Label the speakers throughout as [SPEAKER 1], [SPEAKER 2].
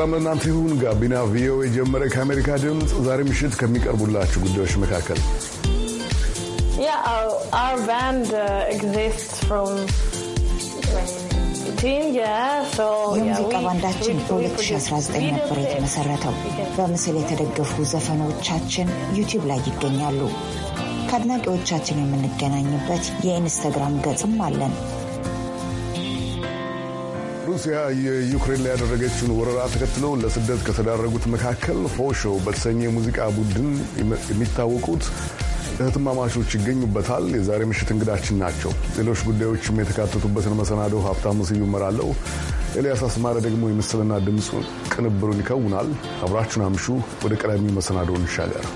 [SPEAKER 1] ሰላም ለእናንተ ይሁን። ጋቢና ቪኦኤ ጀመረ። ከአሜሪካ ድምፅ ዛሬ ምሽት ከሚቀርቡላችሁ ጉዳዮች መካከል
[SPEAKER 2] የሙዚቃ ባንዳችን በ2019 ነበር የተመሰረተው። በምስል የተደገፉ ዘፈኖቻችን ዩቲዩብ ላይ ይገኛሉ። ከአድናቂዎቻችን የምንገናኝበት የኢንስተግራም ገጽም አለን።
[SPEAKER 1] ሩሲያ የዩክሬን ላይ ያደረገችውን ወረራ ተከትሎ ለስደት ከተዳረጉት መካከል ፎሾ በተሰኘ ሙዚቃ ቡድን የሚታወቁት እህትማማቾች ይገኙበታል። የዛሬ ምሽት እንግዳችን ናቸው። ሌሎች ጉዳዮችም የተካተቱበትን መሰናዶ ሀብታሙ ስዩም እመራለሁ። ኤልያስ አስማረ ደግሞ የምስልና ድምፅ ቅንብሩን ይከውናል። አብራችሁን አምሹ። ወደ ቀዳሚው መሰናዶ እንሻገር።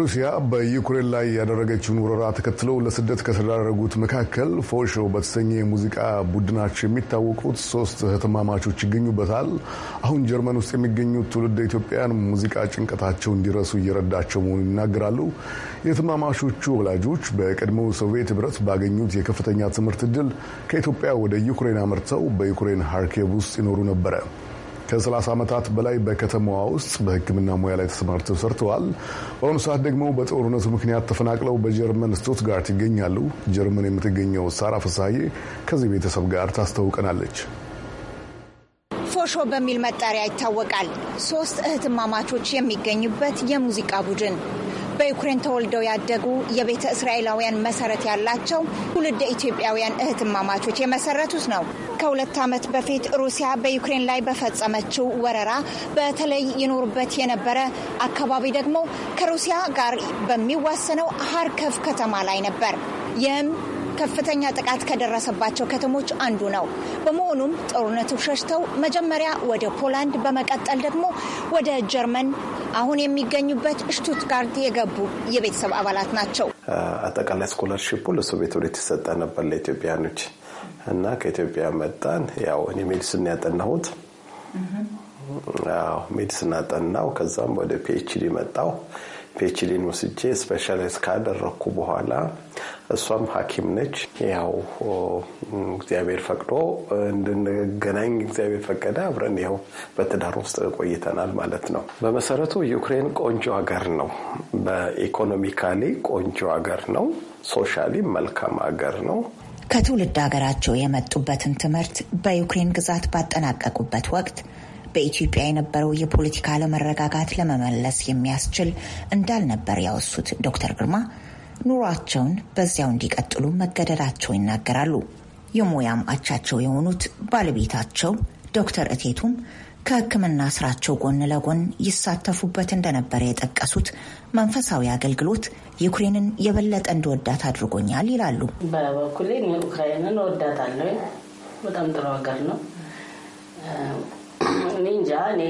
[SPEAKER 1] ሩሲያ በዩክሬን ላይ ያደረገችውን ወረራ ተከትለው ለስደት ከተዳረጉት መካከል ፎሾ በተሰኘ የሙዚቃ ቡድናቸው የሚታወቁት ሶስት ህትማማቾች ይገኙበታል። አሁን ጀርመን ውስጥ የሚገኙት ትውልድ ኢትዮጵያን ሙዚቃ ጭንቀታቸው እንዲረሱ እየረዳቸው መሆኑን ይናገራሉ። የህትማማቾቹ ወላጆች በቀድሞው ሶቪየት ህብረት ባገኙት የከፍተኛ ትምህርት እድል ከኢትዮጵያ ወደ ዩክሬን አመርተው በዩክሬን ሃርኬቭ ውስጥ ይኖሩ ነበረ። ከ30 ዓመታት በላይ በከተማዋ ውስጥ በሕክምና ሙያ ላይ ተሰማርተው ሰርተዋል። በአሁኑ ሰዓት ደግሞ በጦርነቱ ምክንያት ተፈናቅለው በጀርመን ስቱትጋርት ይገኛሉ። ጀርመን የምትገኘው ሳራ ፍስሀዬ ከዚህ ቤተሰብ ጋር ታስተውቀናለች።
[SPEAKER 2] ፎሾ በሚል መጠሪያ ይታወቃል። ሶስት እህትማማቾች የሚገኙበት የሙዚቃ ቡድን በዩክሬን ተወልደው ያደጉ የቤተ እስራኤላውያን መሰረት ያላቸው ትውልደ ኢትዮጵያውያን እህትማማቾች የመሰረቱት ነው። ከሁለት ዓመት በፊት ሩሲያ በዩክሬን ላይ በፈጸመችው ወረራ በተለይ ይኖሩበት የነበረ አካባቢ ደግሞ ከሩሲያ ጋር በሚዋሰነው ሀርከፍ ከተማ ላይ ነበር። ይህም ከፍተኛ ጥቃት ከደረሰባቸው ከተሞች አንዱ ነው። በመሆኑም ጦርነቱ ሸሽተው መጀመሪያ ወደ ፖላንድ በመቀጠል ደግሞ ወደ ጀርመን አሁን የሚገኙበት ሽቱትጋርድ የገቡ የቤተሰብ አባላት ናቸው።
[SPEAKER 3] አጠቃላይ ስኮላርሽፑ ለሶቪየት ህብረት የተሰጠ ነበር ለኢትዮጵያኖች እና ከኢትዮጵያ መጣን። ያው እኔ ሜዲስን ያጠናሁት ሜዲስን አጠናው። ከዛም ወደ ፒኤችዲ መጣው ፔችሊን ወስጄ ስፔሻላይዝ ካደረግኩ በኋላ እሷም ሐኪም ነች። ያው እግዚአብሔር ፈቅዶ እንድንገናኝ እግዚአብሔር ፈቀደ። አብረን ያው በትዳር ውስጥ ቆይተናል ማለት ነው። በመሰረቱ ዩክሬን ቆንጆ ሀገር ነው። በኢኮኖሚካሊ ቆንጆ ሀገር ነው። ሶሻሊ መልካም ሀገር ነው።
[SPEAKER 2] ከትውልድ ሀገራቸው የመጡበትን ትምህርት በዩክሬን ግዛት ባጠናቀቁበት ወቅት በኢትዮጵያ የነበረው የፖለቲካ አለመረጋጋት ለመመለስ የሚያስችል እንዳልነበር ያወሱት ዶክተር ግርማ ኑሯቸውን በዚያው እንዲቀጥሉ መገደዳቸው ይናገራሉ። የሙያም አቻቸው የሆኑት ባለቤታቸው ዶክተር እቴቱም ከሕክምና ስራቸው ጎን ለጎን ይሳተፉበት እንደነበረ የጠቀሱት መንፈሳዊ አገልግሎት ዩክሬንን የበለጠ እንድወዳት አድርጎኛል ይላሉ።
[SPEAKER 4] በበኩሌ ዩክራይንን እወዳታለሁ። በጣም ጥሩ ሀገር ነው። እኔ እንጃ እኔ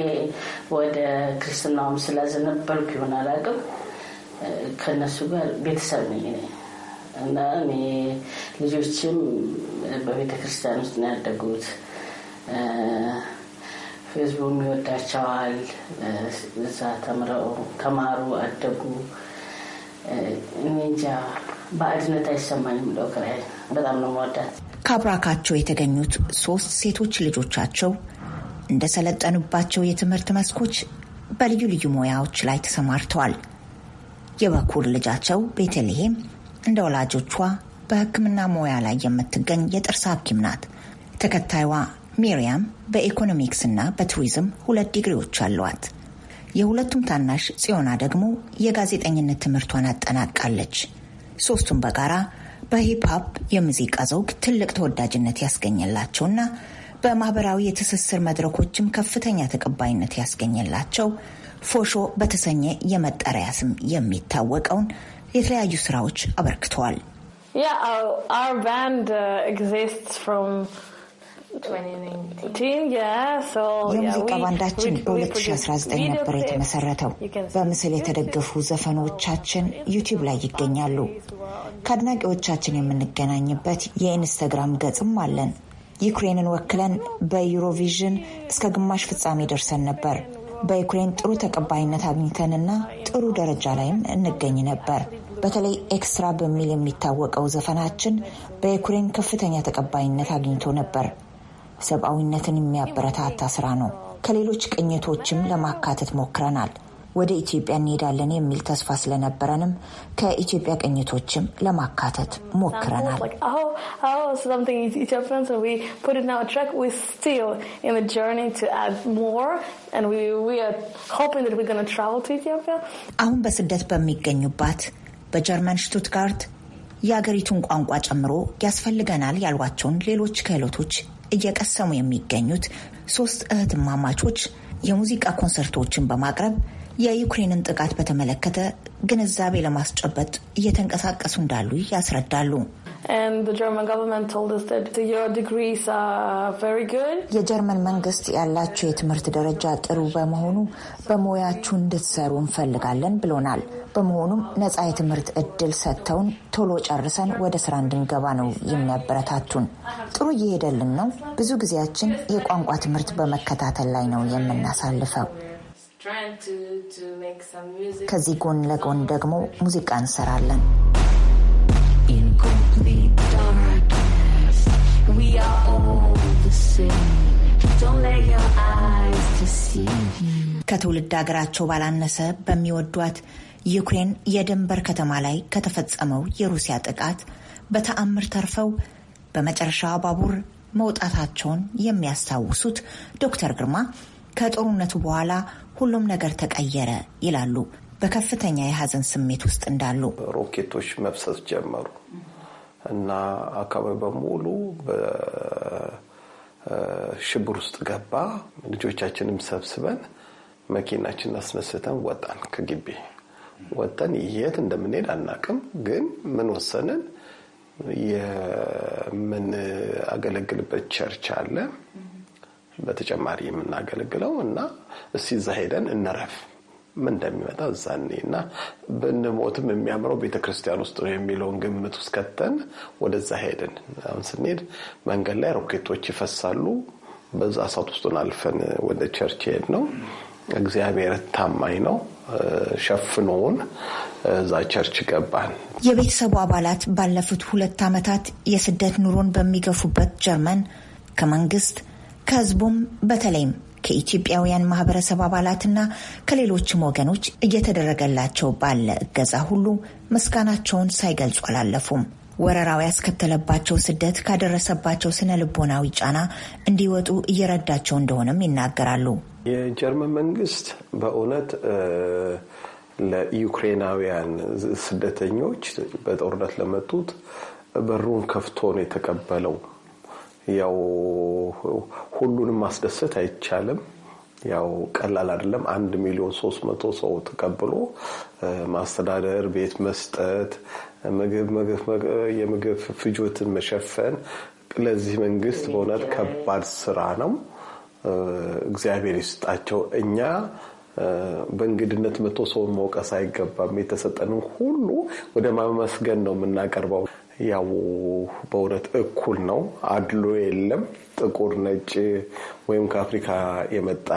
[SPEAKER 4] ወደ ክርስትናውም ስላዘነበልኩ ይሆን አላውቅም። ከእነሱ ጋር ቤተሰብ ነኝ እኔ እና እኔ ልጆችም በቤተ ክርስቲያን ውስጥ ነው ያደጉት። ህዝቡም ይወዳቸዋል። እዛ ተምረው ተማሩ፣ አደጉ። እኔ እንጃ በአድነት አይሰማኝም። ለውክራይ በጣም ነው መወዳት።
[SPEAKER 2] ከአብራካቸው የተገኙት ሶስት ሴቶች ልጆቻቸው እንደሰለጠኑባቸው የትምህርት መስኮች በልዩ ልዩ ሙያዎች ላይ ተሰማርተዋል። የበኩር ልጃቸው ቤተልሔም እንደ ወላጆቿ በሕክምና ሙያ ላይ የምትገኝ የጥርስ ሐኪም ናት። ተከታይዋ ሚሪያም በኢኮኖሚክስ እና በቱሪዝም ሁለት ዲግሪዎች አሏት። የሁለቱም ታናሽ ጽዮና ደግሞ የጋዜጠኝነት ትምህርቷን አጠናቃለች። ሶስቱም በጋራ በሂፕ የሙዚቃ ዘውግ ትልቅ ተወዳጅነት ያስገኘላቸውና በማህበራዊ የትስስር መድረኮችም ከፍተኛ ተቀባይነት ያስገኘላቸው ፎሾ በተሰኘ የመጠሪያ ስም የሚታወቀውን የተለያዩ ስራዎች አበርክተዋል።
[SPEAKER 4] uh, የሙዚቃ
[SPEAKER 2] ባንዳችን በ2019 ነበር የተመሰረተው። በምስል የተደገፉ ዘፈኖቻችን ዩቲዩብ ላይ ይገኛሉ። ከአድናቂዎቻችን የምንገናኝበት የኢንስተግራም ገጽም አለን። ዩክሬንን ወክለን በዩሮቪዥን እስከ ግማሽ ፍጻሜ ደርሰን ነበር። በዩክሬን ጥሩ ተቀባይነት አግኝተንና ጥሩ ደረጃ ላይም እንገኝ ነበር። በተለይ ኤክስትራ በሚል የሚታወቀው ዘፈናችን በዩክሬን ከፍተኛ ተቀባይነት አግኝቶ ነበር። ሰብአዊነትን የሚያበረታታ ስራ ነው። ከሌሎች ቅኝቶችም ለማካተት ሞክረናል። ወደ ኢትዮጵያ እንሄዳለን የሚል ተስፋ ስለነበረንም ከኢትዮጵያ ቅኝቶችም ለማካተት ሞክረናል። oh,
[SPEAKER 5] oh, oh,
[SPEAKER 2] አሁን በስደት በሚገኙባት በጀርመን ሽቱትጋርት የአገሪቱን ቋንቋ ጨምሮ ያስፈልገናል ያሏቸውን ሌሎች ክህሎቶች እየቀሰሙ የሚገኙት ሶስት እህትማማቾች የሙዚቃ ኮንሰርቶችን በማቅረብ የዩክሬንን ጥቃት በተመለከተ ግንዛቤ ለማስጨበጥ እየተንቀሳቀሱ እንዳሉ ያስረዳሉ። የጀርመን መንግስት ያላችሁ የትምህርት ደረጃ ጥሩ በመሆኑ በሙያችሁ እንድትሰሩ እንፈልጋለን ብሎናል። በመሆኑም ነጻ የትምህርት እድል ሰጥተውን ቶሎ ጨርሰን ወደ ስራ እንድንገባ ነው የሚያበረታቱን። ጥሩ እየሄደልን ነው። ብዙ ጊዜያችን የቋንቋ ትምህርት በመከታተል ላይ ነው የምናሳልፈው። ከዚህ ጎን ለጎን ደግሞ ሙዚቃ እንሰራለን። ከትውልድ ሀገራቸው ባላነሰ በሚወዷት ዩክሬን የድንበር ከተማ ላይ ከተፈጸመው የሩሲያ ጥቃት በተአምር ተርፈው በመጨረሻ ባቡር መውጣታቸውን የሚያስታውሱት ዶክተር ግርማ ከጦርነቱ በኋላ ሁሉም ነገር ተቀየረ ይላሉ። በከፍተኛ የሀዘን ስሜት
[SPEAKER 3] ውስጥ እንዳሉ ሮኬቶች መብሰስ ጀመሩ እና አካባቢ በሙሉ በሽብር ውስጥ ገባ። ልጆቻችንም ሰብስበን መኪናችን አስነስተን ወጣን። ከግቢ ወጠን የት እንደምንሄድ አናቅም። ግን ምን ወሰንን? የምንአገለግልበት ቸርች አለ በተጨማሪ የምናገለግለው እና እስቲ እዛ ሄደን እንረፍ ምን እንደሚመጣ እዛኔ እና ብንሞትም የሚያምረው ቤተክርስቲያን ውስጥ ነው የሚለውን ግምት ውስጥ ከተን ወደዛ ሄድን። አሁን ስንሄድ መንገድ ላይ ሮኬቶች ይፈሳሉ። በዛ እሳት ውስጡን አልፈን ወደ ቸርች ሄድ ነው። እግዚአብሔር ታማኝ ነው። ሸፍኖውን እዛ ቸርች ገባን።
[SPEAKER 2] የቤተሰቡ አባላት ባለፉት ሁለት ዓመታት የስደት ኑሮን በሚገፉበት ጀርመን ከመንግስት ከህዝቡም በተለይም ከኢትዮጵያውያን ማህበረሰብ አባላትና ከሌሎችም ወገኖች እየተደረገላቸው ባለ እገዛ ሁሉ ምስጋናቸውን ሳይገልጹ አላለፉም። ወረራው ያስከተለባቸው ስደት ካደረሰባቸው ስነ ልቦናዊ ጫና እንዲወጡ እየረዳቸው እንደሆነም ይናገራሉ።
[SPEAKER 3] የጀርመን መንግስት በእውነት ለዩክሬናውያን ስደተኞች በጦርነት ለመጡት በሩን ከፍቶ ነው የተቀበለው። ያው ሁሉንም ማስደሰት አይቻልም። ያው ቀላል አይደለም። አንድ ሚሊዮን ሶስት መቶ ሰው ተቀብሎ ማስተዳደር፣ ቤት መስጠት፣ ምግብ የምግብ ፍጆትን መሸፈን ለዚህ መንግስት በእውነት ከባድ ስራ ነው። እግዚአብሔር ይስጣቸው። እኛ በእንግድነት መቶ ሰውን መውቀስ አይገባም። የተሰጠንን ሁሉ ወደ ማመስገን ነው የምናቀርበው። ያው በእውነት እኩል ነው፣ አድሎ የለም። ጥቁር ነጭ፣ ወይም ከአፍሪካ የመጣ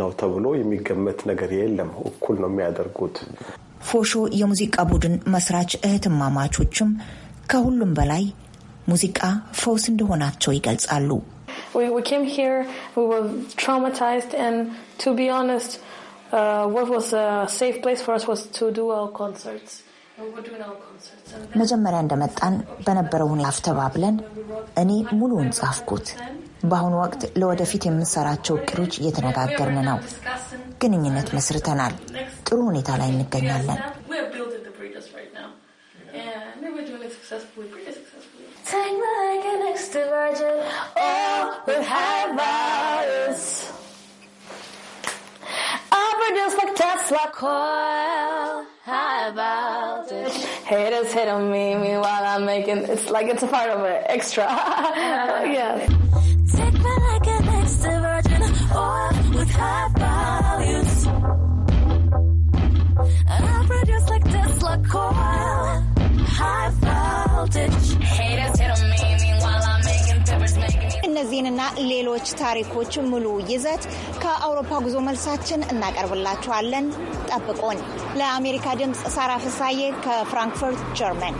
[SPEAKER 3] ነው ተብሎ የሚገመት ነገር የለም። እኩል ነው የሚያደርጉት።
[SPEAKER 2] ፎሾ የሙዚቃ ቡድን መስራች እህትማማቾችም ከሁሉም በላይ ሙዚቃ ፈውስ እንደሆናቸው ይገልጻሉ። ስ መጀመሪያ እንደመጣን በነበረው ሁኔ አፍተባብለን እኔ ሙሉውን ጻፍኩት። በአሁኑ ወቅት ለወደፊት የምንሰራቸው እቅዶች እየተነጋገርን ነው። ግንኙነት መስርተናል። ጥሩ ሁኔታ ላይ እንገኛለን።
[SPEAKER 5] I haters hit on me. Meanwhile, I'm making it's like it's a part of it, extra. Uh-huh. Take me like an extra virgin with high values. i produce like coil,
[SPEAKER 4] high voltage. Haters
[SPEAKER 2] የእነዚህንና ሌሎች ታሪኮች ሙሉ ይዘት ከአውሮፓ ጉዞ መልሳችን እናቀርብላችኋለን። ጠብቆን። ለአሜሪካ ድምፅ ሳራ ፍሳዬ ከፍራንክፉርት ጀርመን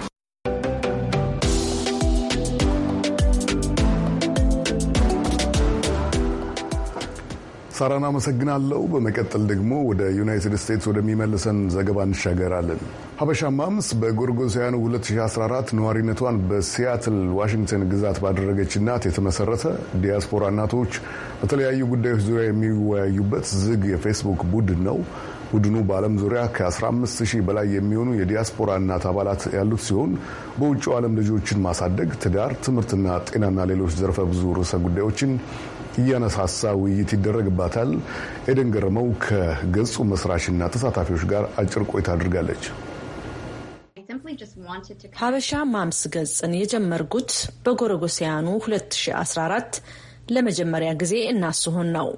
[SPEAKER 1] ሳራን አመሰግናለሁ። በመቀጠል ደግሞ ወደ ዩናይትድ ስቴትስ ወደሚመልሰን ዘገባ እንሻገራለን። ሀበሻ ማምስ በጎርጎሳውያኑ 2014 ነዋሪነቷን በሲያትል ዋሽንግተን ግዛት ባደረገች እናት የተመሰረተ ዲያስፖራ እናቶች በተለያዩ ጉዳዮች ዙሪያ የሚወያዩበት ዝግ የፌስቡክ ቡድን ነው። ቡድኑ በዓለም ዙሪያ ከ15 ሺህ በላይ የሚሆኑ የዲያስፖራ እናት አባላት ያሉት ሲሆን በውጭው ዓለም ልጆችን ማሳደግ፣ ትዳር፣ ትምህርትና ጤናና ሌሎች ዘርፈ ብዙ ርዕሰ ጉዳዮችን እያነሳሳ ውይይት ይደረግባታል። ኤደን ገረመው ከገጹ መስራችና ተሳታፊዎች ጋር አጭር ቆይታ አድርጋለች።
[SPEAKER 4] ሀበሻ ማምስ ገጽን የጀመርጉት በጎረጎሲያኑ 2014 ለመጀመሪያ ጊዜ እናስሆን ነው።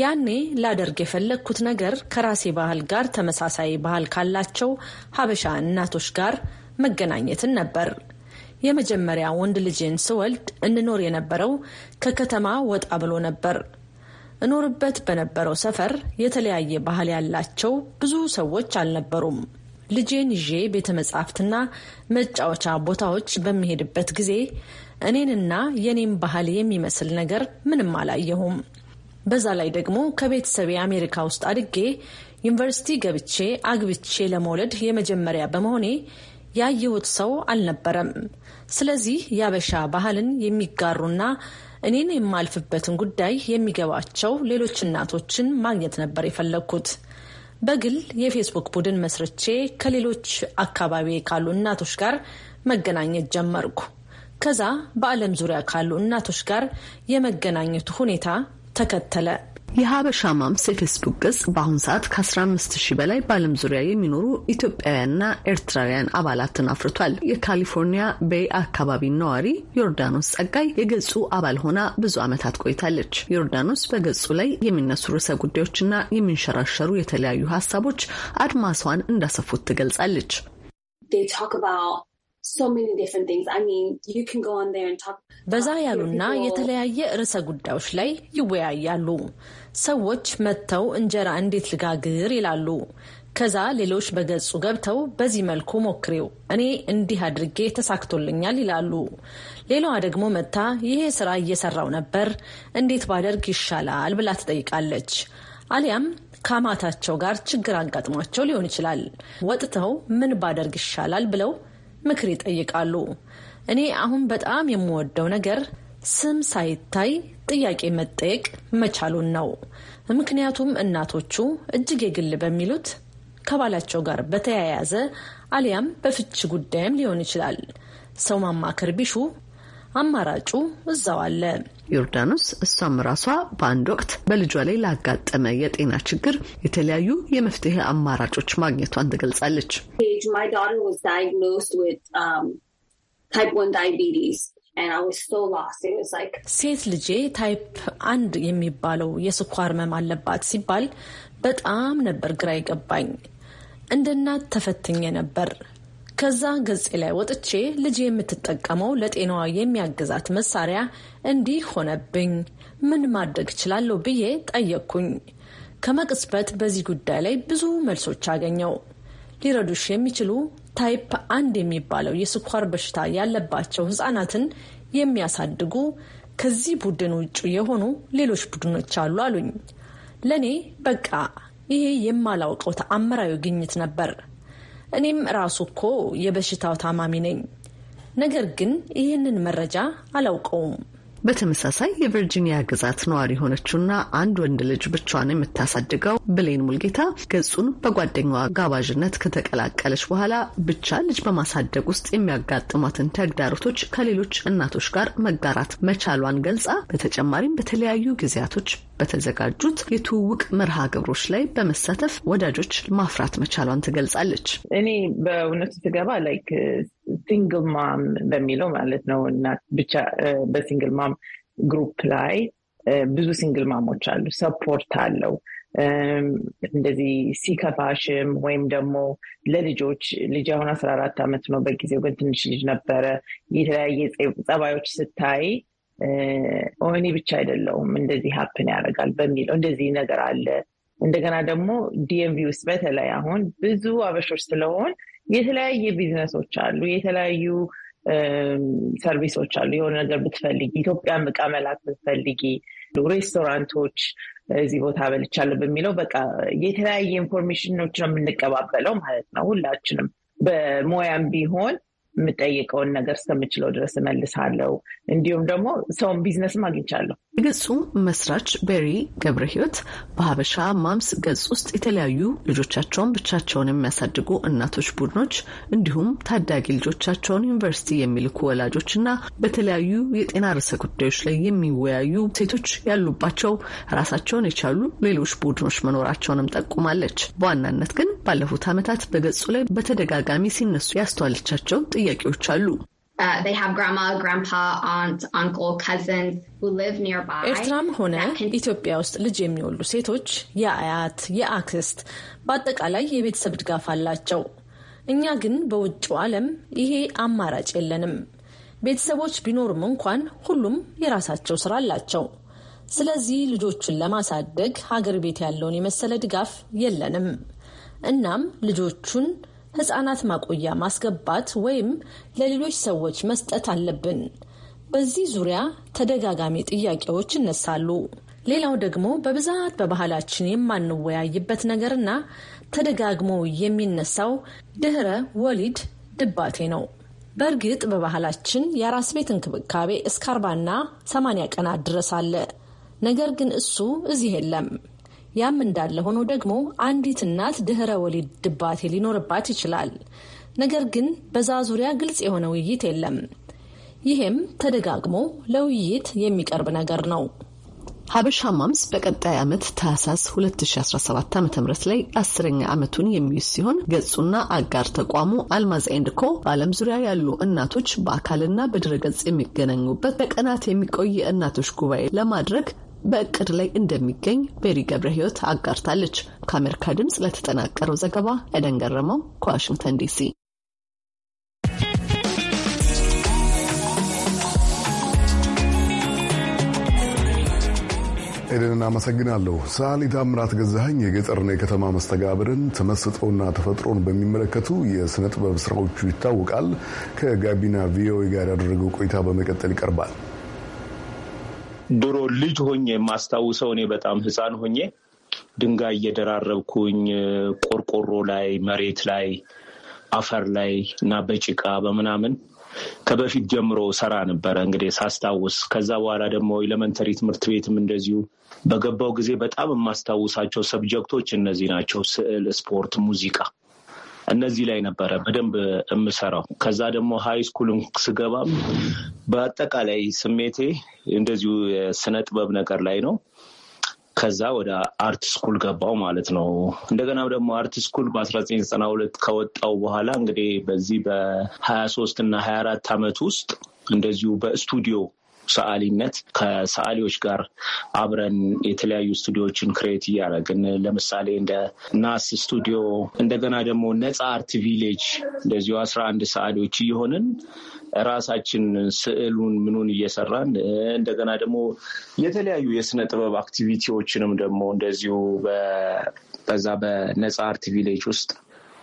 [SPEAKER 4] ያኔ ላደርግ የፈለግኩት ነገር ከራሴ ባህል ጋር ተመሳሳይ ባህል ካላቸው ሀበሻ እናቶች ጋር መገናኘትን ነበር። የመጀመሪያ ወንድ ልጄን ስወልድ እንኖር የነበረው ከከተማ ወጣ ብሎ ነበር። እኖርበት በነበረው ሰፈር የተለያየ ባህል ያላቸው ብዙ ሰዎች አልነበሩም። ልጄን ይዤ ቤተ መጻሕፍትና መጫወቻ ቦታዎች በሚሄድበት ጊዜ እኔንና የኔም ባህል የሚመስል ነገር ምንም አላየሁም። በዛ ላይ ደግሞ ከቤተሰቤ አሜሪካ ውስጥ አድጌ ዩኒቨርሲቲ ገብቼ አግብቼ ለመውለድ የመጀመሪያ በመሆኔ ያየሁት ሰው አልነበረም። ስለዚህ የአበሻ ባህልን የሚጋሩና እኔን የማልፍበትን ጉዳይ የሚገባቸው ሌሎች እናቶችን ማግኘት ነበር የፈለግኩት። በግል የፌስቡክ ቡድን መስርቼ ከሌሎች አካባቢ ካሉ እናቶች ጋር መገናኘት ጀመርኩ። ከዛ በዓለም ዙሪያ ካሉ እናቶች ጋር የመገናኘቱ ሁኔታ ተከተለ።
[SPEAKER 5] የሀበሻ ማምስ የፌስቡክ ገጽ በአሁኑ ሰዓት ከ15 ሺህ በላይ በዓለም ዙሪያ የሚኖሩ ኢትዮጵያውያንና ኤርትራውያን አባላትን አፍርቷል። የካሊፎርኒያ ቤይ አካባቢ ነዋሪ ዮርዳኖስ ጸጋይ የገጹ አባል ሆና ብዙ ዓመታት ቆይታለች። ዮርዳኖስ በገጹ ላይ የሚነሱ ርዕሰ ጉዳዮችና የሚንሸራሸሩ የተለያዩ ሀሳቦች አድማሷን እንዳሰፉት ትገልጻለች።
[SPEAKER 4] በዛ ያሉና የተለያየ ርዕሰ ጉዳዮች ላይ ይወያያሉ። ሰዎች መጥተው እንጀራ እንዴት ልጋግር ይላሉ። ከዛ ሌሎች በገጹ ገብተው በዚህ መልኩ ሞክሬው እኔ እንዲህ አድርጌ ተሳክቶልኛል ይላሉ። ሌላዋ ደግሞ መታ ይሄ ስራ እየሰራው ነበር እንዴት ባደርግ ይሻላል ብላ ትጠይቃለች። አሊያም ከአማታቸው ጋር ችግር አጋጥሟቸው ሊሆን ይችላል። ወጥተው ምን ባደርግ ይሻላል ብለው ምክር ይጠይቃሉ። እኔ አሁን በጣም የምወደው ነገር ስም ሳይታይ ጥያቄ መጠየቅ መቻሉን ነው። ምክንያቱም እናቶቹ እጅግ የግል በሚሉት ከባላቸው ጋር በተያያዘ አሊያም በፍች ጉዳይም ሊሆን ይችላል። ሰው ማማከር ቢሹ አማራጩ እዛው አለ።
[SPEAKER 5] ዮርዳኖስ እሷም ራሷ በአንድ ወቅት በልጇ ላይ ላጋጠመ የጤና ችግር የተለያዩ የመፍትሄ አማራጮች ማግኘቷን ትገልጻለች።
[SPEAKER 4] ሴት ልጄ ታይፕ አንድ የሚባለው የስኳር ህመም አለባት ሲባል በጣም ነበር ግራ የገባኝ። እንደ እናት ተፈትኜ ነበር። ከዛ ገጼ ላይ ወጥቼ ልጄ የምትጠቀመው ለጤናዋ የሚያግዛት መሳሪያ እንዲህ ሆነብኝ፣ ምን ማድረግ እችላለሁ ብዬ ጠየቅኩኝ። ከመቅስበት በዚህ ጉዳይ ላይ ብዙ መልሶች አገኘው። ሊረዱሽ የሚችሉ ታይፕ አንድ የሚባለው የስኳር በሽታ ያለባቸው ህጻናትን የሚያሳድጉ ከዚህ ቡድን ውጭ የሆኑ ሌሎች ቡድኖች አሉ አሉኝ። ለእኔ በቃ ይሄ የማላውቀው ተአምራዊ ግኝት ነበር። እኔም ራሱ እኮ የበሽታው ታማሚ ነኝ፣ ነገር ግን ይህንን መረጃ አላውቀውም።
[SPEAKER 5] በተመሳሳይ የቨርጂኒያ ግዛት ነዋሪ የሆነችውና አንድ ወንድ ልጅ ብቻዋን የምታሳድገው ብሌን ሙልጌታ ገጹን በጓደኛዋ ጋባዥነት ከተቀላቀለች በኋላ ብቻ ልጅ በማሳደግ ውስጥ የሚያጋጥሟትን ተግዳሮቶች ከሌሎች እናቶች ጋር መጋራት መቻሏን ገልጻ በተጨማሪም በተለያዩ ጊዜያቶች በተዘጋጁት የትውውቅ መርሃ ግብሮች ላይ በመሳተፍ ወዳጆች ማፍራት መቻሏን ትገልጻለች።
[SPEAKER 6] እኔ በእውነቱ ስገባ ላይክ
[SPEAKER 2] ሲንግል ማም በሚለው ማለት ነው እና ብቻ በሲንግል ማም ግሩፕ ላይ ብዙ ሲንግል ማሞች አሉ። ሰፖርት አለው እንደዚህ ሲከፋሽም ወይም ደግሞ ለልጆች ልጅ አሁን አስራ አራት ዓመት ነው። በጊዜው ግን ትንሽ ልጅ ነበረ። የተለያየ ጸባዮች ስታይ እኔ ብቻ አይደለውም እንደዚህ ሀፕን ያደርጋል በሚለው እንደዚህ ነገር አለ። እንደገና ደግሞ ዲኤምቪ ውስጥ በተለይ አሁን ብዙ አበሾች ስለሆን የተለያየ ቢዝነሶች አሉ፣ የተለያዩ ሰርቪሶች አሉ። የሆነ ነገር ብትፈልጊ ኢትዮጵያ እቃ መላክ ብትፈልጊ ሬስቶራንቶች እዚህ ቦታ በልቻለሁ በሚለው በቃ የተለያየ ኢንፎርሜሽኖች ነው የምንቀባበለው ማለት ነው። ሁላችንም በሙያም ቢሆን የምጠይቀውን ነገር እስከምችለው ድረስ እመልሳለሁ። እንዲሁም ደግሞ ሰውን ቢዝነስም
[SPEAKER 5] አግኝቻለሁ። የገጹ መስራች ቤሪ ገብረ ህይወት በሀበሻ ማምስ ገጽ ውስጥ የተለያዩ ልጆቻቸውን ብቻቸውን የሚያሳድጉ እናቶች ቡድኖች እንዲሁም ታዳጊ ልጆቻቸውን ዩኒቨርሲቲ የሚልኩ ወላጆች እና በተለያዩ የጤና ርዕሰ ጉዳዮች ላይ የሚወያዩ ሴቶች ያሉባቸው ራሳቸውን የቻሉ ሌሎች ቡድኖች መኖራቸውንም ጠቁማለች። በዋናነት ግን ባለፉት ዓመታት በገጹ ላይ በተደጋጋሚ ሲነሱ ያስተዋለቻቸው ጥያቄዎች አሉ።
[SPEAKER 4] ኤርትራም ሆነ ኢትዮጵያ ውስጥ ልጅ የሚወሉ ሴቶች የአያት የአክስት በአጠቃላይ የቤተሰብ ድጋፍ አላቸው። እኛ ግን በውጭው ዓለም ይሄ አማራጭ የለንም። ቤተሰቦች ቢኖሩም እንኳን ሁሉም የራሳቸው ስራ አላቸው። ስለዚህ ልጆችን ለማሳደግ ሀገር ቤት ያለውን የመሰለ ድጋፍ የለንም። እናም ልጆቹን ህጻናት ማቆያ ማስገባት ወይም ለሌሎች ሰዎች መስጠት አለብን? በዚህ ዙሪያ ተደጋጋሚ ጥያቄዎች ይነሳሉ። ሌላው ደግሞ በብዛት በባህላችን የማንወያይበት ነገርና ተደጋግሞ የሚነሳው ድህረ ወሊድ ድባቴ ነው። በእርግጥ በባህላችን የአራስ ቤት እንክብካቤ እስከ አርባና ሰማንያ ቀናት ድረስ አለ። ነገር ግን እሱ እዚህ የለም። ያም እንዳለ ሆኖ ደግሞ አንዲት እናት ድህረ ወሊድ ድባቴ ሊኖርባት ይችላል። ነገር ግን በዛ ዙሪያ ግልጽ የሆነ ውይይት የለም። ይህም ተደጋግሞ ለውይይት የሚቀርብ
[SPEAKER 5] ነገር ነው። ሀበሻ ማምስ በቀጣይ ዓመት ታህሳስ 2017 ዓ ም ላይ አስረኛ ዓመቱን የሚይዝ ሲሆን ገጹና አጋር ተቋሙ አልማዝ ኤንድ ኮ በዓለም ዙሪያ ያሉ እናቶች በአካልና በድረገጽ የሚገናኙበት በቀናት የሚቆይ የእናቶች ጉባኤ ለማድረግ በእቅድ ላይ እንደሚገኝ ቤሪ ገብረ ህይወት አጋርታለች። ከአሜሪካ ድምፅ ለተጠናቀረው ዘገባ ኤደን ገረመው ከዋሽንግተን ዲሲ።
[SPEAKER 1] ኤደን አመሰግናለሁ። ሰዓሊ ታምራት ገዛኸኝ የገጠርና የከተማ መስተጋብርን ተመስጦና ተፈጥሮን በሚመለከቱ የሥነ ጥበብ ሥራዎቹ ይታወቃል። ከጋቢና ቪኦኤ ጋር ያደረገው ቆይታ በመቀጠል ይቀርባል።
[SPEAKER 6] ድሮ ልጅ ሆኜ የማስታውሰው እኔ በጣም ህፃን ሆኜ ድንጋይ እየደራረብኩኝ ቆርቆሮ ላይ፣ መሬት ላይ፣ አፈር ላይ እና በጭቃ በምናምን ከበፊት ጀምሮ ሰራ ነበረ እንግዲህ ሳስታውስ። ከዛ በኋላ ደግሞ ኤሌመንተሪ ትምህርት ቤትም እንደዚሁ በገባው ጊዜ በጣም የማስታውሳቸው ሰብጀክቶች እነዚህ ናቸው፣ ስዕል፣ ስፖርት፣ ሙዚቃ እነዚህ ላይ ነበረ በደንብ የምሰራው። ከዛ ደግሞ ሀይ ስኩልን ስገባም በአጠቃላይ ስሜቴ እንደዚሁ የስነ ጥበብ ነገር ላይ ነው። ከዛ ወደ አርት ስኩል ገባው ማለት ነው። እንደገና ደግሞ አርት ስኩል በ1992 ከወጣው በኋላ እንግዲህ በዚህ በ23 እና 24 ዓመት ውስጥ እንደዚሁ በስቱዲዮ ሰዓሊነት ከሰዓሊዎች ጋር አብረን የተለያዩ ስቱዲዮዎችን ክሬት እያደረግን ለምሳሌ እንደ ናስ ስቱዲዮ እንደገና ደግሞ ነፃ አርት ቪሌጅ እንደዚሁ አስራ አንድ ሰዓሊዎች እየሆንን ራሳችን ስዕሉን ምኑን እየሰራን እንደገና ደግሞ የተለያዩ የስነ ጥበብ አክቲቪቲዎችንም ደግሞ እንደዚሁ በዛ በነፃ አርት ቪሌጅ ውስጥ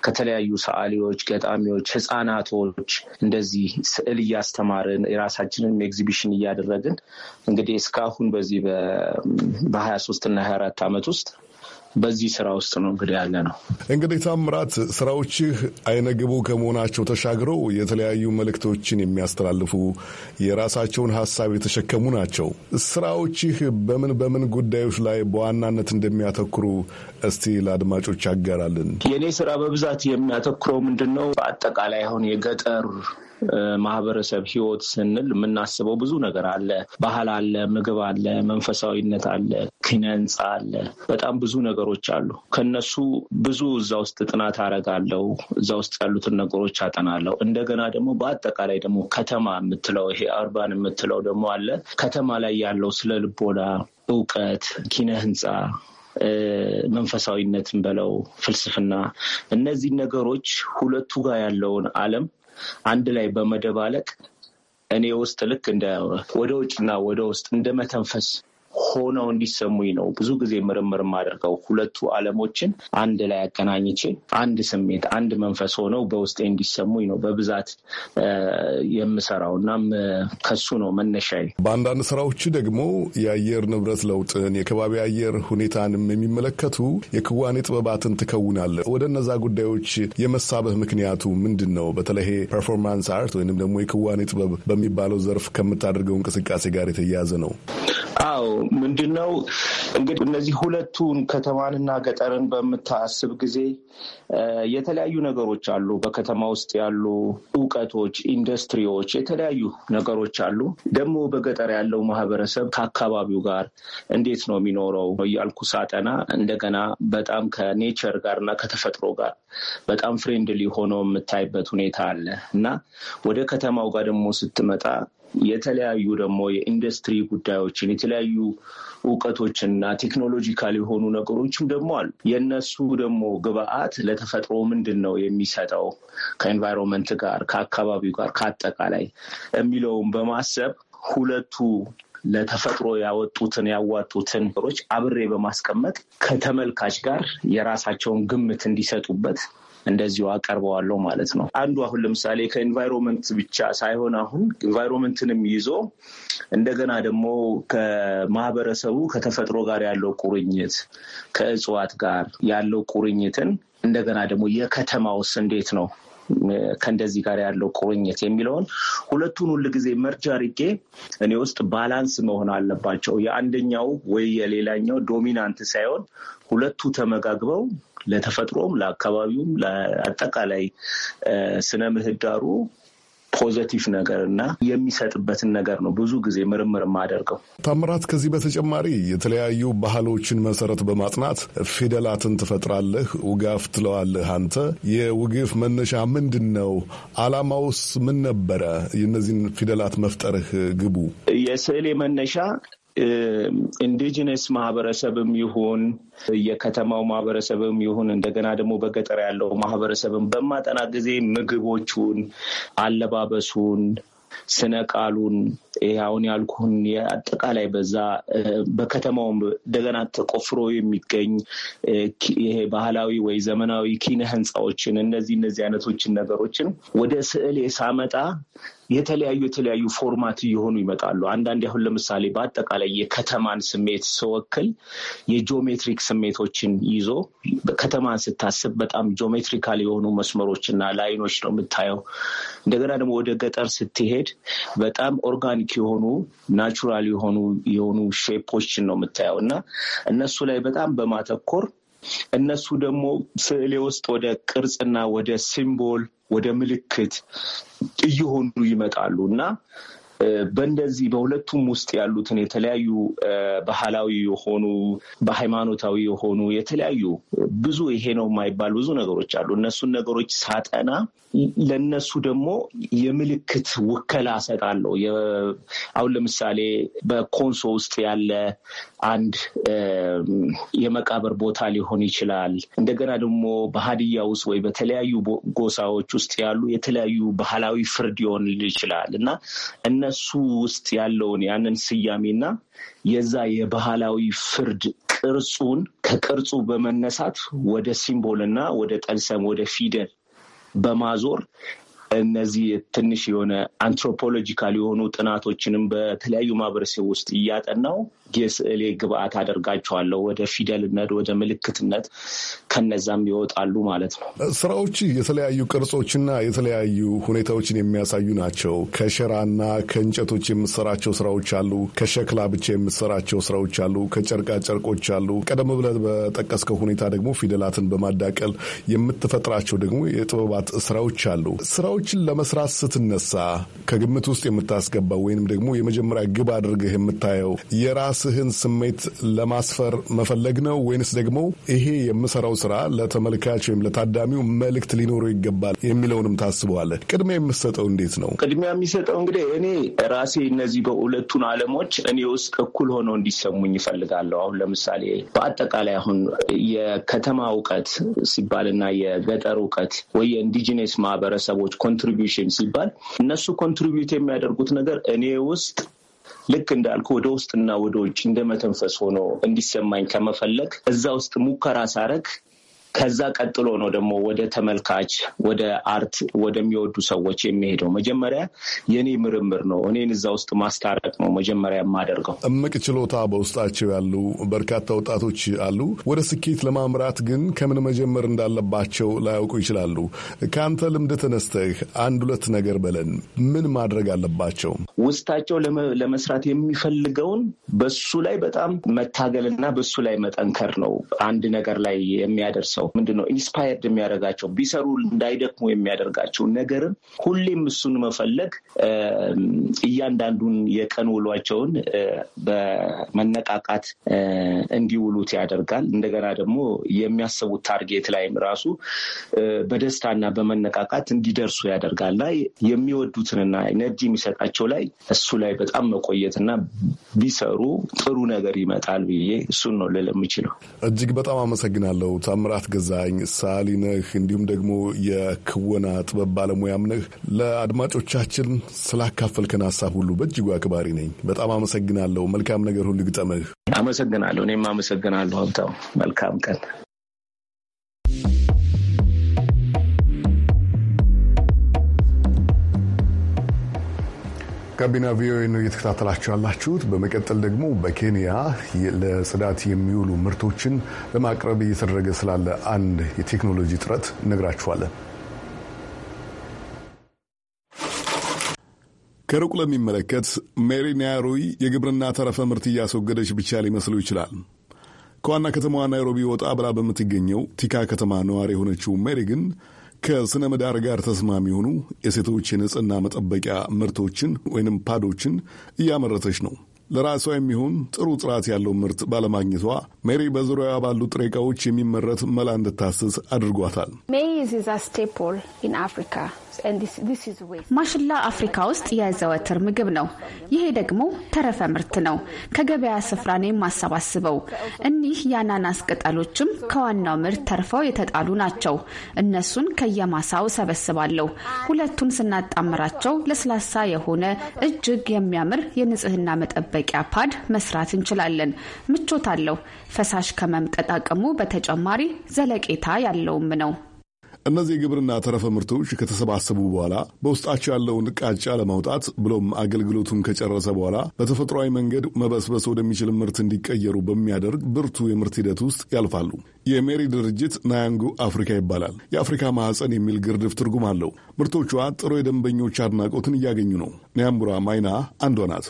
[SPEAKER 6] ከተለያዩ ሰዓሊዎች፣ ገጣሚዎች፣ ህፃናቶች እንደዚህ ስዕል እያስተማርን የራሳችንን ኤግዚቢሽን እያደረግን እንግዲህ እስካሁን በዚህ በሀያ ሶስት እና ሀያ አራት ዓመት ውስጥ በዚህ ስራ ውስጥ ነው እንግዲህ ያለ ነው።
[SPEAKER 1] እንግዲህ ታምራት፣ ስራዎችህ አይነግቡ ከመሆናቸው ተሻግረው የተለያዩ መልእክቶችን የሚያስተላልፉ የራሳቸውን ሀሳብ የተሸከሙ ናቸው። ስራዎችህ በምን በምን ጉዳዮች ላይ በዋናነት እንደሚያተኩሩ እስቲ ለአድማጮች ያጋራልን።
[SPEAKER 6] የእኔ ስራ በብዛት የሚያተኩረው ምንድን ነው? በአጠቃላይ አሁን የገጠር ማህበረሰብ ህይወት ስንል የምናስበው ብዙ ነገር አለ። ባህል አለ፣ ምግብ አለ፣ መንፈሳዊነት አለ፣ ኪነ ህንፃ አለ። በጣም ብዙ ነገሮች አሉ። ከነሱ ብዙ እዛ ውስጥ ጥናት አረጋለው። እዛ ውስጥ ያሉትን ነገሮች አጠናለው። እንደገና ደግሞ በአጠቃላይ ደግሞ ከተማ የምትለው ይሄ አርባን የምትለው ደግሞ አለ። ከተማ ላይ ያለው ስለ ልቦና እውቀት፣ ኪነ ህንፃ መንፈሳዊነትን በለው ፍልስፍና፣ እነዚህ ነገሮች ሁለቱ ጋር ያለውን ዓለም አንድ ላይ በመደባለቅ እኔ ውስጥ ልክ እንደ ወደ ውጭና ወደ ውስጥ እንደ መተንፈስ ሆነው እንዲሰሙኝ ነው ብዙ ጊዜ ምርምር የማደርገው። ሁለቱ ዓለሞችን አንድ ላይ አገናኝቼ አንድ ስሜት፣ አንድ መንፈስ ሆነው በውስጤ እንዲሰሙኝ ነው በብዛት
[SPEAKER 1] የምሰራው። እናም ከሱ ነው መነሻዬ። በአንዳንድ ስራዎች ደግሞ የአየር ንብረት ለውጥን፣ የከባቢ አየር ሁኔታንም የሚመለከቱ የክዋኔ ጥበባትን ትከውናለ። ወደ እነዛ ጉዳዮች የመሳበህ ምክንያቱ ምንድን ነው? በተለይ ፐርፎርማንስ አርት ወይንም ደግሞ የክዋኔ ጥበብ በሚባለው ዘርፍ ከምታደርገው እንቅስቃሴ ጋር የተያያዘ ነው።
[SPEAKER 6] አዎ ምንድን ነው እንግዲህ እነዚህ ሁለቱን ከተማንና ገጠርን በምታስብ ጊዜ የተለያዩ ነገሮች አሉ። በከተማ ውስጥ ያሉ እውቀቶች፣ ኢንዱስትሪዎች፣ የተለያዩ ነገሮች አሉ። ደግሞ በገጠር ያለው ማህበረሰብ ከአካባቢው ጋር እንዴት ነው የሚኖረው እያልኩ ሳጠና እንደገና በጣም ከኔቸር ጋር እና ከተፈጥሮ ጋር በጣም ፍሬንድሊ ሆኖ የምታይበት ሁኔታ አለ እና ወደ ከተማው ጋር ደግሞ ስትመጣ የተለያዩ ደግሞ የኢንዱስትሪ ጉዳዮችን የተለያዩ እውቀቶችና ቴክኖሎጂካል የሆኑ ነገሮችም ደግሞ አሉ። የእነሱ ደግሞ ግብአት ለተፈጥሮ ምንድን ነው የሚሰጠው ከኤንቫይሮንመንት ጋር ከአካባቢው ጋር ከአጠቃላይ የሚለውን በማሰብ ሁለቱ ለተፈጥሮ ያወጡትን ያዋጡትን ነገሮች አብሬ በማስቀመጥ ከተመልካች ጋር የራሳቸውን ግምት እንዲሰጡበት እንደዚሁ አቀርበዋለሁ ማለት ነው። አንዱ አሁን ለምሳሌ ከኤንቫይሮንመንት ብቻ ሳይሆን አሁን ኤንቫይሮንመንትንም ይዞ እንደገና ደግሞ ከማህበረሰቡ ከተፈጥሮ ጋር ያለው ቁርኝት ከእጽዋት ጋር ያለው ቁርኝትን እንደገና ደግሞ የከተማውስ እንዴት ነው ከእንደዚህ ጋር ያለው ቁርኝት የሚለውን ሁለቱን ሁል ጊዜ መርጃ አድርጌ እኔ ውስጥ ባላንስ መሆን አለባቸው። የአንደኛው ወይ የሌላኛው ዶሚናንት ሳይሆን ሁለቱ ተመጋግበው ለተፈጥሮም፣ ለአካባቢውም፣ ለአጠቃላይ ስነ ምህዳሩ ፖዘቲቭ ነገር እና የሚሰጥበትን ነገር ነው ብዙ ጊዜ ምርምር የማደርገው።
[SPEAKER 1] ታምራት፣ ከዚህ በተጨማሪ የተለያዩ ባህሎችን መሰረት በማጥናት ፊደላትን ትፈጥራለህ። ውጋፍ ትለዋለህ አንተ። የውግፍ መነሻ ምንድን ነው? አላማውስ ምን ነበረ? የእነዚህን ፊደላት መፍጠርህ ግቡ?
[SPEAKER 6] የስዕሌ መነሻ ኢንዲጂነስ ማህበረሰብም ይሁን የከተማው ማህበረሰብም ይሁን እንደገና ደግሞ በገጠር ያለው ማህበረሰብም በማጠና ጊዜ ምግቦቹን፣ አለባበሱን፣ ስነ ቃሉን አሁን ያልኩን አጠቃላይ በዛ በከተማውም እንደገና ተቆፍሮ የሚገኝ ይሄ ባህላዊ ወይ ዘመናዊ ኪነ ህንፃዎችን እነዚህ እነዚህ አይነቶችን ነገሮችን ወደ ስዕል ሳመጣ የተለያዩ የተለያዩ ፎርማት እየሆኑ ይመጣሉ። አንዳንድ አሁን ለምሳሌ በአጠቃላይ የከተማን ስሜት ስወክል የጂኦሜትሪክ ስሜቶችን ይዞ ከተማን ስታስብ በጣም ጂኦሜትሪካል የሆኑ መስመሮችና ላይኖች ነው የምታየው። እንደገና ደግሞ ወደ ገጠር ስትሄድ በጣም ኦርጋኒክ የሆኑ ናቹራል የሆኑ የሆኑ ሼፖችን ነው የምታየው እና እነሱ ላይ በጣም በማተኮር እነሱ ደግሞ ስዕሌ ውስጥ ወደ ቅርጽና ወደ ሲምቦል ወደ ምልክት እየሆኑ ይመጣሉ እና በእንደዚህ በሁለቱም ውስጥ ያሉትን የተለያዩ ባህላዊ የሆኑ በሃይማኖታዊ የሆኑ የተለያዩ ብዙ ይሄ ነው የማይባል ብዙ ነገሮች አሉ። እነሱን ነገሮች ሳጠና ለእነሱ ደግሞ የምልክት ውከላ ሰጣለው። አሁን ለምሳሌ በኮንሶ ውስጥ ያለ አንድ የመቃብር ቦታ ሊሆን ይችላል። እንደገና ደግሞ በሀዲያ ውስጥ ወይ በተለያዩ ጎሳዎች ውስጥ ያሉ የተለያዩ ባህላዊ ፍርድ ሊሆን ይችላል እና በእሱ ውስጥ ያለውን ያንን ስያሜና የዛ የባህላዊ ፍርድ ቅርጹን ከቅርጹ በመነሳት ወደ ሲምቦልና ወደ ጠልሰም ወደ ፊደል በማዞር እነዚህ ትንሽ የሆነ አንትሮፖሎጂካል የሆኑ ጥናቶችንም በተለያዩ ማህበረሰብ ውስጥ እያጠናው የስዕሌ ግብአት አደርጋቸዋለሁ ወደ ፊደልነት፣ ወደ ምልክትነት ከነዛም ይወጣሉ ማለት ነው።
[SPEAKER 1] ስራዎች የተለያዩ ቅርጾችና የተለያዩ ሁኔታዎችን የሚያሳዩ ናቸው። ከሸራና ከእንጨቶች የምሰራቸው ስራዎች አሉ። ከሸክላ ብቻ የምሰራቸው ስራዎች አሉ። ከጨርቃ ጨርቆች አሉ። ቀደም ብለህ በጠቀስከው ሁኔታ ደግሞ ፊደላትን በማዳቀል የምትፈጥራቸው ደግሞ የጥበባት ስራዎች አሉ። ስራዎችን ለመስራት ስትነሳ ከግምት ውስጥ የምታስገባ ወይንም ደግሞ የመጀመሪያ ግብ አድርገህ የምታየው የራስ የራስህን ስሜት ለማስፈር መፈለግ ነው ወይንስ ደግሞ ይሄ የምሰራው ስራ ለተመልካች ወይም ለታዳሚው መልእክት ሊኖረው ይገባል የሚለውንም ታስበዋለህ? ቅድሚያ የምሰጠው እንዴት ነው?
[SPEAKER 6] ቅድሚያ የሚሰጠው እንግዲህ እኔ ራሴ እነዚህ በሁለቱን አለሞች እኔ ውስጥ እኩል ሆነው እንዲሰሙኝ ይፈልጋለሁ። አሁን ለምሳሌ በአጠቃላይ አሁን የከተማ እውቀት ሲባልና የገጠር እውቀት ወይ የኢንዲጂነስ ማህበረሰቦች ኮንትሪቢሽን ሲባል እነሱ ኮንትሪቢዩት የሚያደርጉት ነገር እኔ ውስጥ ልክ እንዳልኩ ወደ ውስጥና ወደ ውጭ እንደመተንፈስ ሆኖ እንዲሰማኝ ከመፈለግ እዛ ውስጥ ሙከራ ሳረግ ከዛ ቀጥሎ ነው ደግሞ ወደ ተመልካች፣ ወደ አርት ወደሚወዱ ሰዎች የሚሄደው። መጀመሪያ የኔ ምርምር ነው። እኔን እዛ ውስጥ ማስታረቅ ነው መጀመሪያ የማደርገው።
[SPEAKER 1] እምቅ ችሎታ በውስጣቸው ያሉ በርካታ ወጣቶች አሉ። ወደ ስኬት ለማምራት ግን ከምን መጀመር እንዳለባቸው ላያውቁ ይችላሉ። ከአንተ ልምድ ተነስተህ አንድ ሁለት ነገር በለን። ምን ማድረግ አለባቸው?
[SPEAKER 6] ውስጣቸው ለመስራት የሚፈልገውን በሱ ላይ በጣም መታገልና በሱ ላይ መጠንከር ነው አንድ ነገር ላይ የሚያደርሰው ሰው ነው ኢንስፓየርድ የሚያደርጋቸው ቢሰሩ እንዳይደክሙ የሚያደርጋቸው ነገርም ሁሌም እሱን መፈለግ እያንዳንዱን የቀን ውሏቸውን በመነቃቃት እንዲውሉት ያደርጋል። እንደገና ደግሞ የሚያስቡት ታርጌት ላይም ራሱ በደስታና በመነቃቃት እንዲደርሱ ያደርጋልና የሚወዱትንና ኤነርጂ የሚሰጣቸው ላይ እሱ ላይ በጣም መቆየትና ቢሰሩ
[SPEAKER 1] ጥሩ ነገር ይመጣል ብዬ እሱን ነው ልል የምችለው። እጅግ በጣም አመሰግናለሁ ታምራት አስገዛኝ ሰዓሊ ነህ፣ እንዲሁም ደግሞ የክወና ጥበብ ባለሙያም ነህ። ለአድማጮቻችን ስላካፈልከን ሀሳብ ሁሉ በእጅጉ አክባሪ ነኝ። በጣም አመሰግናለሁ። መልካም ነገር ሁሉ ግጠመህ።
[SPEAKER 6] አመሰግናለሁ። እኔም አመሰግናለሁ ሀብታው። መልካም ቀን
[SPEAKER 1] ጋቢና ቪኦኤ ነው እየተከታተላችሁ ያላችሁት። በመቀጠል ደግሞ በኬንያ ለጽዳት የሚውሉ ምርቶችን ለማቅረብ እየተደረገ ስላለ አንድ የቴክኖሎጂ ጥረት እነግራችኋለን። ከሩቅ ለሚመለከት ሜሪ ናይሮይ የግብርና ተረፈ ምርት እያስወገደች ብቻ ሊመስሉ ይችላል። ከዋና ከተማዋ ናይሮቢ ወጣ ብላ በምትገኘው ቲካ ከተማ ነዋሪ የሆነችው ሜሪ ግን ከስነ ምህዳር ጋር ተስማሚ የሆኑ የሴቶች የንጽህና መጠበቂያ ምርቶችን ወይንም ፓዶችን እያመረተች ነው። ለራሷ የሚሆን ጥሩ ጥራት ያለው ምርት ባለማግኘቷ ሜሪ በዙሪያዋ ባሉ ጥሬ እቃዎች የሚመረት መላ እንድታስስ አድርጓታል።
[SPEAKER 7] ሜይዝ ኢዝ አ ስቴፕል ኢን አፍሪካ ማሽላ አፍሪካ ውስጥ የዘወትር ምግብ ነው። ይሄ ደግሞ ተረፈ ምርት ነው። ከገበያ ስፍራ ነው የማሰባስበው። እኒህ የአናናስ ቅጠሎችም ከዋናው ምርት ተርፈው የተጣሉ ናቸው። እነሱን ከየማሳው ሰበስባለሁ። ሁለቱን ስናጣምራቸው ለስላሳ የሆነ እጅግ የሚያምር የንጽህና መጠበቂያ ፓድ መስራት እንችላለን። ምቾት አለው። ፈሳሽ ከመምጠጥ አቅሙ በተጨማሪ ዘለቄታ ያለውም ነው።
[SPEAKER 1] እነዚህ የግብርና ተረፈ ምርቶች ከተሰባሰቡ በኋላ በውስጣቸው ያለውን ቃጫ ለማውጣት ብሎም አገልግሎቱን ከጨረሰ በኋላ በተፈጥሯዊ መንገድ መበስበስ ወደሚችል ምርት እንዲቀየሩ በሚያደርግ ብርቱ የምርት ሂደት ውስጥ ያልፋሉ። የሜሪ ድርጅት ናያንጉ አፍሪካ ይባላል። የአፍሪካ ማህፀን የሚል ግርድፍ ትርጉም አለው። ምርቶቿ ጥሩ የደንበኞች አድናቆትን እያገኙ ነው። ኒያምቡራ ማይና አንዷ ናት።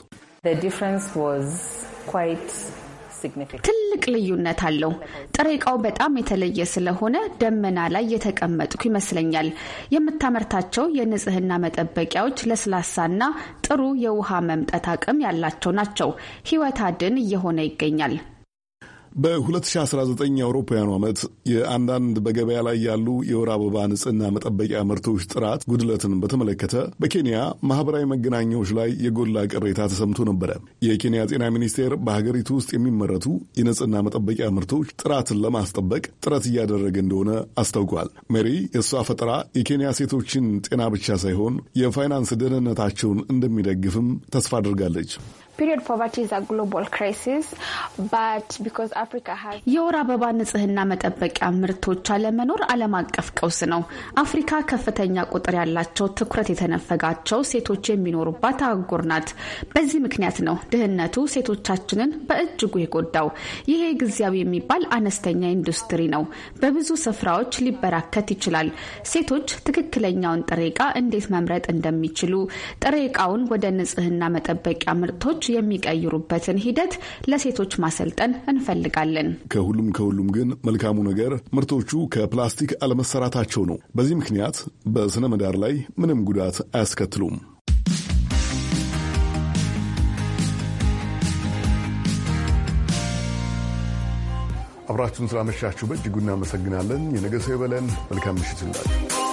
[SPEAKER 7] ትልቅ ልዩነት አለው። ጥሬ እቃው በጣም የተለየ ስለሆነ ደመና ላይ የተቀመጥኩ ይመስለኛል። የምታመርታቸው የንጽህና መጠበቂያዎች ለስላሳና ጥሩ የውሃ መምጠት አቅም ያላቸው ናቸው። ህይወት አድን እየሆነ ይገኛል።
[SPEAKER 1] በ2019 የአውሮፓውያኑ ዓመት የአንዳንድ በገበያ ላይ ያሉ የወር አበባ ንጽህና መጠበቂያ ምርቶች ጥራት ጉድለትን በተመለከተ በኬንያ ማህበራዊ መገናኛዎች ላይ የጎላ ቅሬታ ተሰምቶ ነበረ። የኬንያ ጤና ሚኒስቴር በሀገሪቱ ውስጥ የሚመረቱ የንጽህና መጠበቂያ ምርቶች ጥራትን ለማስጠበቅ ጥረት እያደረገ እንደሆነ አስታውቋል። ሜሪ የእሷ ፈጠራ የኬንያ ሴቶችን ጤና ብቻ ሳይሆን የፋይናንስ ደህንነታቸውን እንደሚደግፍም ተስፋ አድርጋለች። የወር አበባ ንጽህና
[SPEAKER 7] መጠበቂያ ምርቶች አለመኖር ዓለም አቀፍ ቀውስ ነው። አፍሪካ ከፍተኛ ቁጥር ያላቸው ትኩረት የተነፈጋቸው ሴቶች የሚኖሩባት አህጉር ናት። በዚህ ምክንያት ነው ድህነቱ ሴቶቻችንን በእጅጉ የጎዳው። ይሄ ጊዜያዊ የሚባል አነስተኛ ኢንዱስትሪ ነው። በብዙ ስፍራዎች ሊበራከት ይችላል። ሴቶች ትክክለኛውን ጥሬ ዕቃ እንዴት መምረጥ እንደሚችሉ ጥሬ ዕቃውን ወደ ንጽህና መጠበቂያ ምርቶች ወንዶች የሚቀይሩበትን ሂደት ለሴቶች ማሰልጠን እንፈልጋለን።
[SPEAKER 1] ከሁሉም ከሁሉም ግን መልካሙ ነገር ምርቶቹ ከፕላስቲክ አለመሰራታቸው ነው። በዚህ ምክንያት በስነ ምህዳር ላይ ምንም ጉዳት አያስከትሉም። አብራችሁን ስላመሻችሁ በእጅጉ እናመሰግናለን። የነገ ሰው ይበለን። መልካም ምሽት